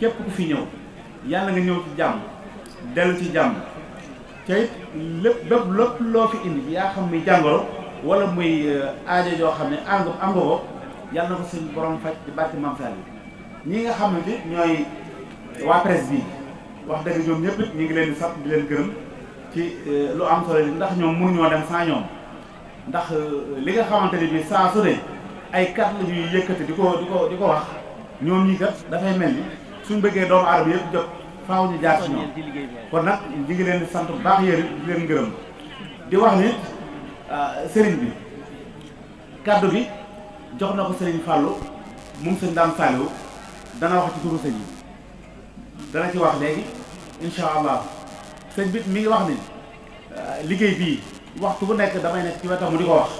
képp ku fi ñëw yàlla nga ñëw ci jàmm dellu ci jàmm te it lépp bépp lépp loo fi indi yaa xam muy jàngoro wala muy eh, aajo joo xam ne àngu am nga ko yàlla na ko suñu borom faj di barke Mame Saliou ñi nga xam ne ñooy waa presse bi wax dëgg ñoom ñëpp ñu ngi leen di sant di leen gërëm ci eh, lu am solo ndax ñoom mënuñoo dem sans ñoom ndax eh, li nga xamante ne bii saa su ay kat la ñuy yëkkati di ko di ko di ko wax ñoom ñii kat dafay mel ni. suñ bëggee doomu aadama yëpp jot faaw ñu jaar ci ñoom kon nag ñu di sant baax yéen di leen gërëm di wax ni ah, sëriñ bi kàddu bi jox na ko sëriñ Fallou moom sëñ daan Saliou dana wax ci turu sëñ yi dana ci wax léegi incha allah sëñ bi mi ngi wax ni ah, liggéey bii waxtu bu nekk damay nekk ci wetam mu di ko wax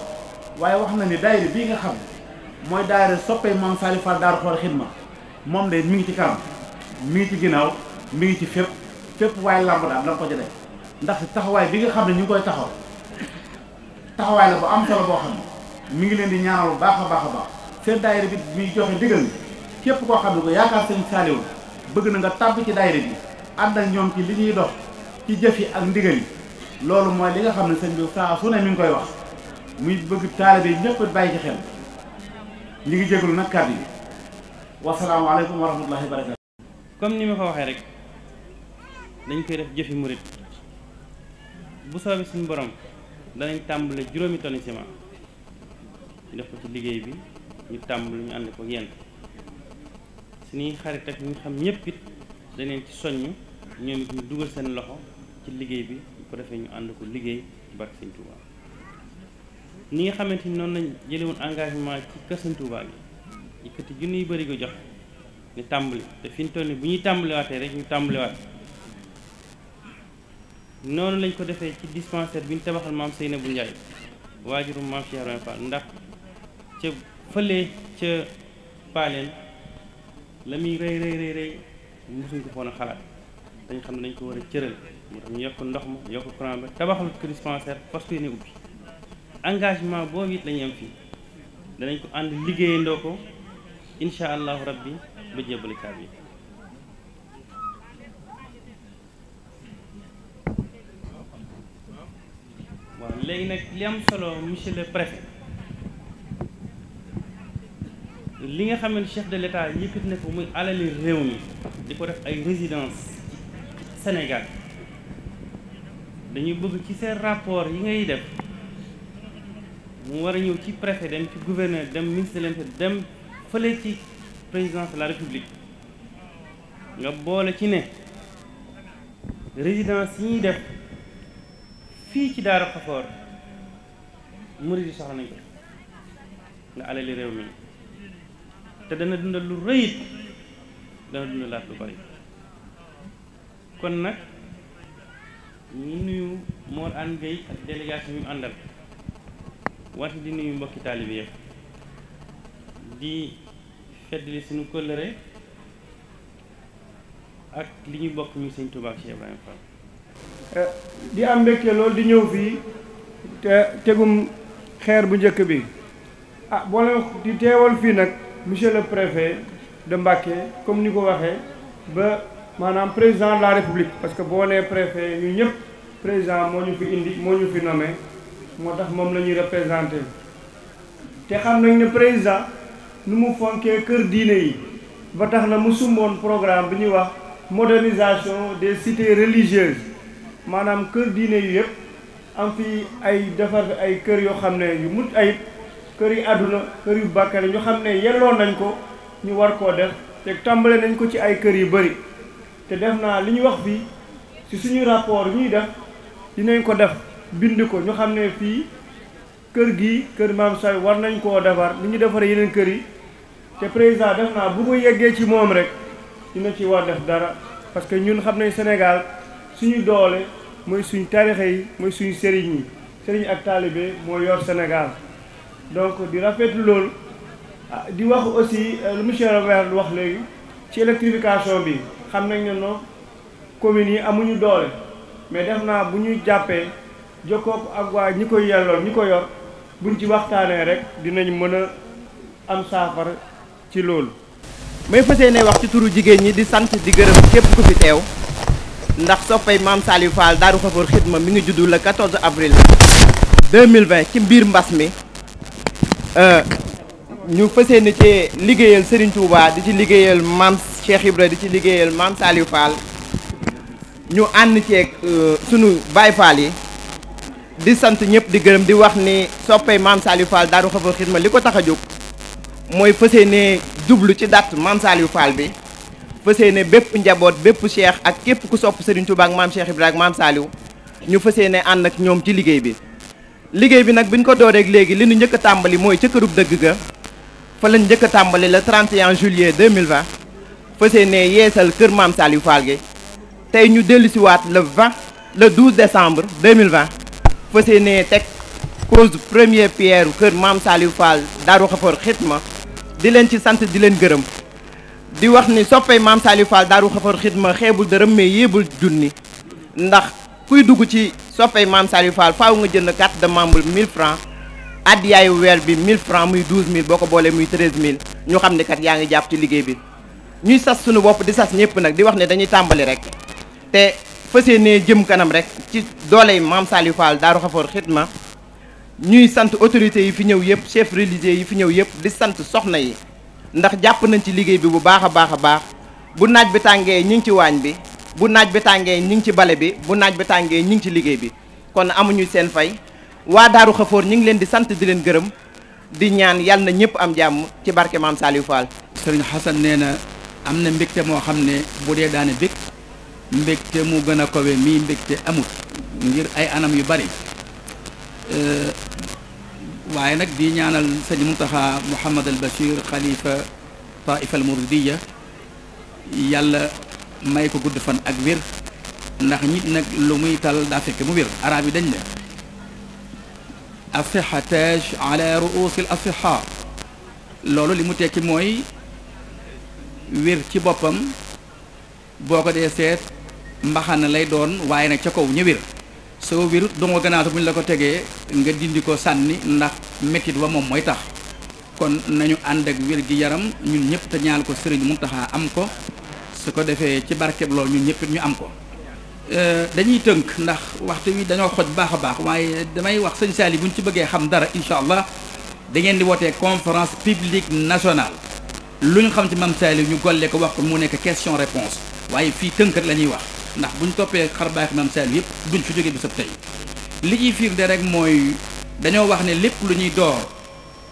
waaye wax na ni daayira bii nga xam mooy daayira soppee Mame Saliou Fall Daaru Xor Xidma moom de mu ngi ci kanam mi ngi ci ginnaaw mi ngi ci fépp fépp waaye làmb daal danga ko ci def ndax taxawaay bi nga xam ne ñu ngi koy taxaw taxawaay la bu am solo boo xam ne mi ngi leen di ñaanal bu baax a baax a baax seen daayira bi muy joxe ndigal ni képp koo xam ne ko yaakaar sëñ Saaliw bëgg na nga tàbb ci daayira bi ànd ak ñoom ci li ñuy dox ci jëf yi ak ndigal yi loolu mooy li nga xam ne sëñ bi saa su ne mi ngi koy wax muy bëgg taalibe ñëpp bàyyi ci xel ñu ngi jégalu nag yi wasalaamaaleykum wa rahmatullahi wa barakatu comme ni ma ko waxee rek dañ koy def jëfi murit bu soobee suñu borom danañ tàmbale juróomi tonni ñu def ko ci liggéey bi ñu tàmbali ñu ànd ko yéen suñuy xarit ak ñu xam ñëpp it daneen ci soññ ñoom it ñu dugal seen loxo ci liggéey bi bu ko defee ñu ànd ko liggéey ba barke Sëñ Touba ni nga xamante ni noonu lañ jële woon engagement ci kër Sëñ Touba gi yëkkati junni yu bëri ko jox ñu tàmbali te fi ñu toll nii bu ñuy tàmbaliwaatee rek ñu tàmbaliwaat noonu lañ ko defee ci dispensaire bi ñu tabaxal maam Seynabou Ndiaye waajurum maam Cheikh Ibrahima Fall ndax ca fële ca paaleen la muy rëy rëy rëy rëy mosuñ ko foon xalaat dañ xam ne dañ ko war a cëral moo yokk ndox ma yokk courant ba tabaxal ko dispensaire parce que ne ubbi engagement boobu it lañu am fii danañ ko ànd liggéeyandoo ko incha allahu bi ba jébbali caabi yi waaw léegi nag li am solo monsieur le préfet li nga xam ne chef de l'état yëkkat na ko muy alali réew mi di ko def ay résidence Sénégal dañuy bëgg ci seen rapport yi ngay def mu war a ñëw ci préfet dem ci gouverneur dem ministre de dem fële ci présidence de la république nga boole ci ne résidence yi ñuy def fii ci Daara Khafor murid yi soxla nañ ko nga alali réew mi te dana dundal lu rëyit dana dundalaat lu bari kon nag ñu nuyu Mor An Gueye ak délégation yu àndal wante di nuyu mbokki taalibe di feddali suñu kóllëre ak li ñu bokk mi sëñ Tuubaa ak Cheikh Ibrahima Fall eh, di am mbégte loolu di ñëw fii te tegum xeer bu njëkk bi ah boole di teewal fii nag monsieur le préfet de Mbacké comme ni ko waxee ba maanaam président de la république parce que boo nee préfet ñu ñëpp président moo ñu fi indi moo ñu fi nommé moo tax moom la ñuy représenté te xam nañ ne président nu mu fonkee kër diine yi ba tax na mu sumboon programme bi ñuy wax modernisation des cités religieuses maanaam kër diine yu yëpp am fi ay defar ay kër yoo xam ne yu mucc ayib kër yu àdduna kër yu bàkkare ñu xam ne yelloon nañ ko ñu war koo def te tàmbale nañ ko ci ay kër yu bëri te def naa li ñu wax fii ci suñu rapport ñuy def dinañ ko def bind ko ñu xam ne fii kër gi kër maam say war nañ koo defar ni ñu defaree yeneen kër yi te président def naa bu ko yeggee ci moom rek dina ci war def dara parce que ñun xam nañ Sénégal suñu doole mooy suñu tarixe yi mooy suñu sëriñ yi sëriñ ak taalibe moo yor Sénégal donc di rafetlu loolu ah, di wax aussi euh, lu monsieur le maire wax léegi ci électrification bi xam nañ ne non communes yi amuñu doole mais def naa bu ñuy jàppee jokkoo ak waa ñi koy yelloon ñi ko yor buñ ci waxtaanee rek dinañu mën a am saafara ci loolu may fas ne wax ci turu jigéen ñi di sant di gërëm képp ku fi teew ndax soppay maam Saliou Fall Daaru Xafoor Xidma mi ngi juddu le 14 avril 2020 ci mbiir mbas mi euh, ñu fas yéene ci liggéeyal Serigne Touba di ci liggéeyal maam Cheikh Ibra di ci liggéeyal maam Saliou Fall ñu ànd ceeg euh, sunu baay Fall yi di sant ñëpp di gërëm di wax ni soppay maam Saliou Fall Daaru Xafoor Xidma li ko tax a jóg mooy fas ne jublu ci date maam Saliou Fall bi fas yéene bépp njaboot bépp cheikh ak képp ku sopp Serigne Touba ak maam Cheikh Ibrahima maam Saliou ñu fas ne ànd ak ñoom ci liggéey bi. liggéey bi nag bi ñu ko dooreek léegi li ñu njëkk a tàmbali mooy ca kërub dëgg ga fa lañ njëkk a tàmbali le 31 juillet 2020 fas yéene yeesal kër maam Saliou Fall gi tey ñu dellusiwaat le 20 le 12 décembre 2020 fas yéene teg pose première pierre kër maam Saliou Fall Darou Khafor Khidma di leen ci sant di leen gërëm di wax ni soppey maam Saliou daaru xafar xidma xeebul dërëm mais yéebul junni ndax kuy dugg ci soppey maam Saliou Fall faaw nga jënd carte de membre 1000 francs addiyaayu weer bi 1000 francs muy 12000 boo ko boolee muy 13000 ñu xam ne kat yaa ngi jàpp ci liggéey bi ñuy sas suñu bopp di sas ñëpp nag di wax ne dañuy tàmbali rek te fas yéenee jëm kanam rek ci dooley maam Saliou Fall daaru xafar xidma ñuy sant autorités yi fi ñëw yëpp chef religieux yi fi ñëw yëpp di sant soxna yi ndax jàpp nañ ci liggéey bi bu baax a baax a baax bu naaj bi tàngee ñu ngi ci waañ bi bu naaj bi tàngee ñu ngi ci bale bi bu naaj bi tàngee ñu ngi ci liggéey bi kon amuñu seen fay waa daaru xafoor ñu ngi leen di sant di leen gërëm di ñaan yàlla na ñëpp am jàmm ci barke maam Saliou Fall sëriñ Xasan nee na am na mbégte moo xam ne bu dee daane bég mbégte mu gën a kowe mii mbégte amut ngir ay anam yu bari Euh, waaye nag di ñaanal sëñ Muntaxa Mouhamad al Bachir xalifa taifa al muridiya yàlla may ko gudd fan ak wér ndax nit nag lu muy tal daa fekk mu wér arab yi dañ ne asiha taj ala ruusi asiha loolu li mu tekki mooy wér ci boppam boo ko dee seet mbaxana lay doon waaye nag ca kaw ña wér soo wérut dongo ganaata bu ñu la ko tegee nga dindi ko sànni ndax métit wa moom mooy tax kon nañu ànd ak wér gi yaram ñun ñëpp te ñaan ko sëriñ Muntaxa am ko su ko defee ci barkeb lool ñu ñëpp ñu am ko euh, dañuy tënk ndax waxtu wi dañoo xoj baax a baax waaye damay wax sëñ Saali bu ñu ci bëggee xam dara incha allah da ngeen di wootee conférence publique nationale lu ñu xam ci mam Saali ñu golle ko wax ko mu nekk question réponse waaye fii tënk rek la ñuy wax ndax buñ toppee xar baax maam Saliou yëpp duñ fi jógee bisab tey li ñuy de rek mooy dañoo wax ne lépp lu ñuy door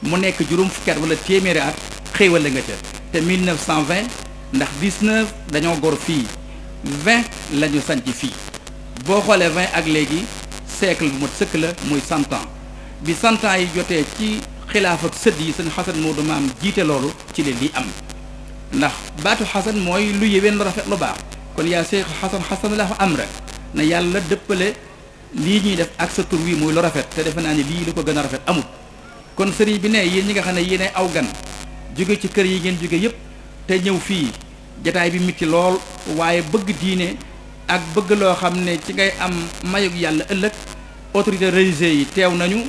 mu nekk juróom fukki at wala téeméeri at xéewal la nga ca te 1920 ndax 19 dañoo gor fii 20 la ñu sanc fii boo xoolee vingt ak léegi siècle bu mat sëkk la muy cent ans bi cent yi jotee ci xilaaf ak sët yi seen xasan moo du maam jiite loolu ci leen di am ndax baatu xasan mooy lu yéwén lu rafet lu baax kon yaa Cheikh Xasan Xasan la fa am rek na yàlla dëppale lii ñuy def ak sa tur wi muy lu rafet te defe naa ne lii lu ko gën a rafet amul kon sëriñ bi nee yéen ñi nga xam ne yéenay aw gan jóge ci kër yi ngeen jóge yépp te ñëw fii jataay bi mitti lool waaye bëgg diine ak bëgg loo xam ne ci ngay am mayug yàlla ëllëg autorité religieuse yi teew nañu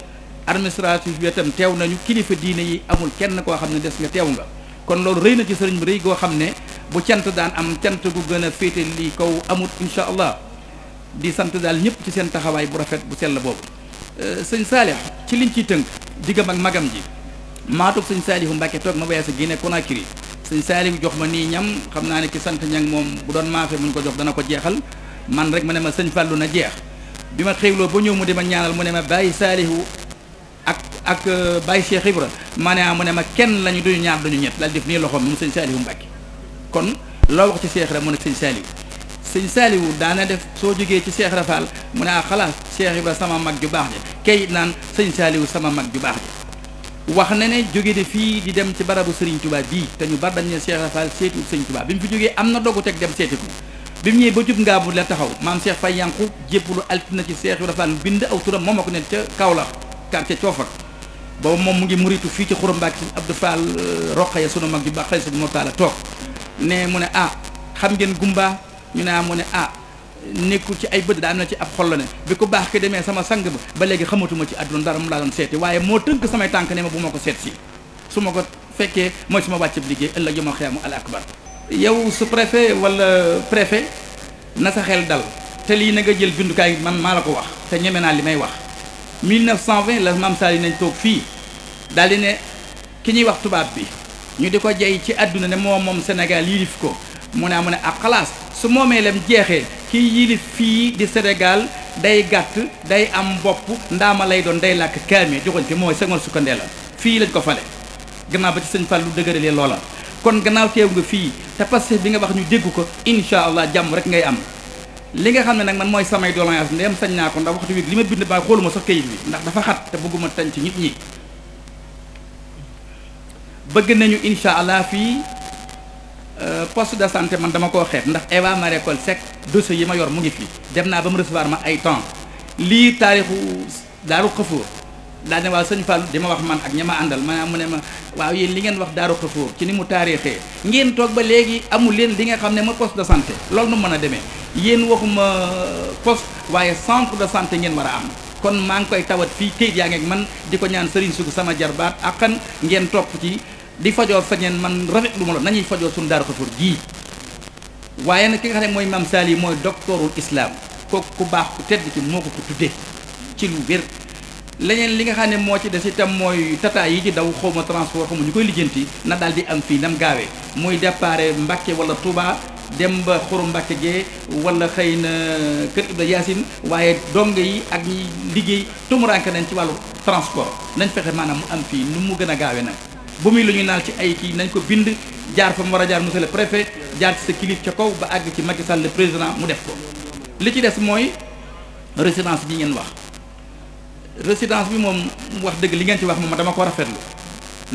administratif bi itam teew nañu kilifa diine yi amul kenn koo xam ne des nga teew nga kon loolu rëy na ci sëriñ goo xam ne bu cant daan am cant gu gën a féete lii kaw amut incha allah di sant daal ñëpp ci seen taxawaay bu rafet bu sell boobu euh, sëñ Saalix ci liñ ciy tënk diggam ak magam ji maatug sëñ Saalihu Mbàkke toog ma voyage Guinée Conakry sëñ Saalihu jox ma nii ñam xam naa ne ki sant ñang moom bu doon maafe muñ ko jox dana ko jeexal man rek ma ne ma sëñ Fàllu na jeex bi ma xéwloo bu ñëw mu di ma ñaanal mu ne ma bàyyi Saalihu ak ak euh, bàyyi Cheikh Ibra maanaam ah, mu ne ma kenn lañu duñu ñaar duñu ñett daal def nii loxoom mu sëñ Saalihu Mbàkke kon loo wax ci Cheikh Ibra mu ne sëñ Saliou sëñ Saliou daana def soo jógee ci Cheikh Ibra Fall mu ne ah xalaat Cheikh sama mag ju baax ja kay naan sëñ Saliou sama mag ju baax ja wax na ne jóge de fii di dem ci barabu Serigne Touba bii te ñu bari dañ ne Cheikh Ibra Fall seetu sëñ Touba bi mu fi jógee am na dogu teg dem seeti bi mu ñëwee ba jub ngaa bu la taxaw maam Cheikh Faye Yankou jébbalu altina ci Cheikh Ibra Fall bind aw turam moom ko ne ca Kaolack quartier Coofak boobu moom mu ngi muritu fii ci xurum Mbàkke Abdou Fall euh, Roqaya sunu mag ju baax xëy sunu Mortala toog ne mu ne ah xam ngeen gumba ñu ne ah, mu ne ah nekkul ci ay bët daa am na ci ab xol la ne bi ko baax ki demee sama sang ba ba léegi xamatuma ci àdduna dara mu laa doon seeti waaye moo tënk samay tànk ne ma bu ma ko seet si su ma ko fekkee mooy suma wàccab liggéey ëllëg yoma xiyaamu al akbar yow su préfet walla préfet na sa xel dal te lii na nga jël bindukaay man maa la ko wax te ñeme naa li may wax 1920 la mam saa yi nañ toog fii daal di ne ki ñuy wax tubaab bi ñu di ko jey ci àdduna ne moo moom Sénégal yilif ko mu ne mu ne ak xalaas su moomee lam jeexee kii yilif fii di Sénégal day gàtt day am bopp ndaama lay doon day làkk kaamee joxoñ fi mooy Senghor sukkandee la fii lañ ko fale gannaaw ba ci sëñ Fallou dëgëralee loola kon gannaaw teew nga fii te passé bi nga wax ñu dégg ko incha allah jàmm rek ngay am li nga xam ne nag man mooy samay doléance ndem sañ naa ko ndax waxtu wi li ma bind ba xooluma sax kayit bi ndax dafa xat bëgguma tañ nit ñi bëgg nañu incha allah fii euh, poste de santé man dama ko xeeb ndax Eva Marie Coll Seck dossier yi ma yor mu ngi fii dem naa ba mu recevoir ma ay temps lii taarixu daaru xëfóor daal ne waaw sëñ Fallou di ma wax man ak ña ma àndal ma mu ne ma waaw yéen ngeen wax daaru xëfóor ci ni mu taarixee ngeen toog ba léegi amul leen li nga xam ne ma poste de santé loolu nu mën a demee yéen waxuma euh, poste waaye centre de santé ngeen war a am kon maa ngi koy tawat fii këyit yaa ngi man di ko ñaan Serigne Sougou sama jarbaat akkan ngeen topp ci di fajoo fañeen man rafet lu ma la nañuy fajoo suñu daara xafoor waaye nag ki nga ne mooy maam Saali mooy docteurul islam kooku ku baax ku tedd ci moo ko ko tuddee ci lu wér leneen li nga xam ne moo ci des itam mooy tata yi ci daw xaw ma transport xaw ma ñu koy lijjanti na daal di am fii nam gaawee muy dépare mbakke wala Touba dem ba xuru Mbàkke gee wala xëy na kër Ibra Yaasin waaye dong yi ak ñi liggéey tumuranke nañ ci wàllu transport nañ fexe maanaam mu am fii nu mu gën a gaawee nag bu muy lu ñu naan ci ay kii nañ ko bind jaar fa mu war a jaar monsieur le préfet jaar ci sa kilif ca kaw ba àgg ci Macky Sall le président mu def ko li ci des mooy résidence bi ngeen wax résidence bi moom wax dëgg li ngeen ci wax moom dama ko rafet lu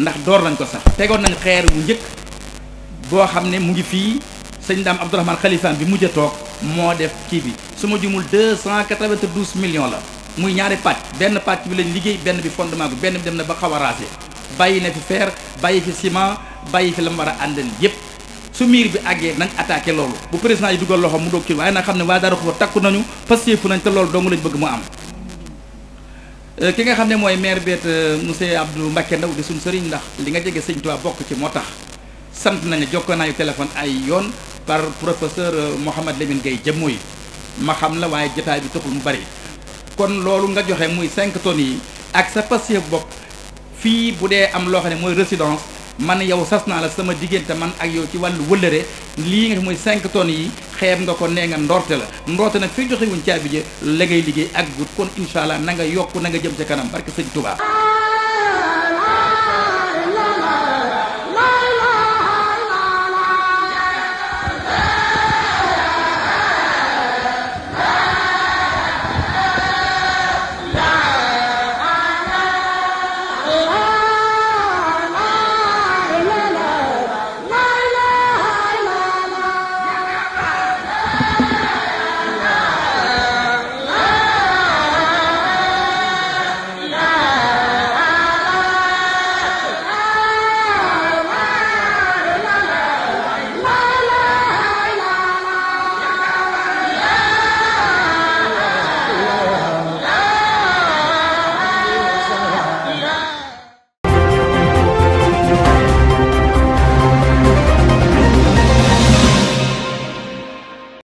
ndax door nañ ko sax tegoon nañ xeer bu njëkk boo xam ne mu ngi fii sëñ daam Abdourahmane xalifaam bi mujj a toog moo def kii bi su ma jumul deux cent quatre-vingt-douze la muy ñaari pàcc benn pàcc bi lañu liggéey benn bi fondement bi benn bi dem na ba xaw a raase bàyyi na fi fer bàyyi fi ciment bàyyi fi la mu war a àndal yépp su miir bi àggee nañ attaqué loolu bu président yi dugal loxo mu doog ci waaye na xam ne waa Darou Khoudoss takku nañu pasteefu nañ te loolu dong lañ bëgg mu am euh, ki nga xam ne mooy maire beet euh, monsieur Abdou Mbacké Ndaw di suñ sëriñ ndax li nga jege sëñ Tuubaa bokk ci moo tax sant nañu jokkoo naayu téléphone ay yoon par professeur euh, Mouhamed Lamine Gueye jëmmoo yi ma xam la waaye jotaay bi taxul mu bari kon loolu nga joxe muy 5 tonnes yi ak sa pasteef bopp fii bu dee am loo xam ne mooy résidence man yow sas naa la sama diggante man ak yow ci wàllu wëllëre lii nga xam mooy 5 tonnes yi xeeb nga ko nee nga ndorte la ndorte nag fii joxe wuñ caabi je la ngay liggéey ak gut kon incha allah na nga yokk na nga jëm ca kanam barke sëñ Touba.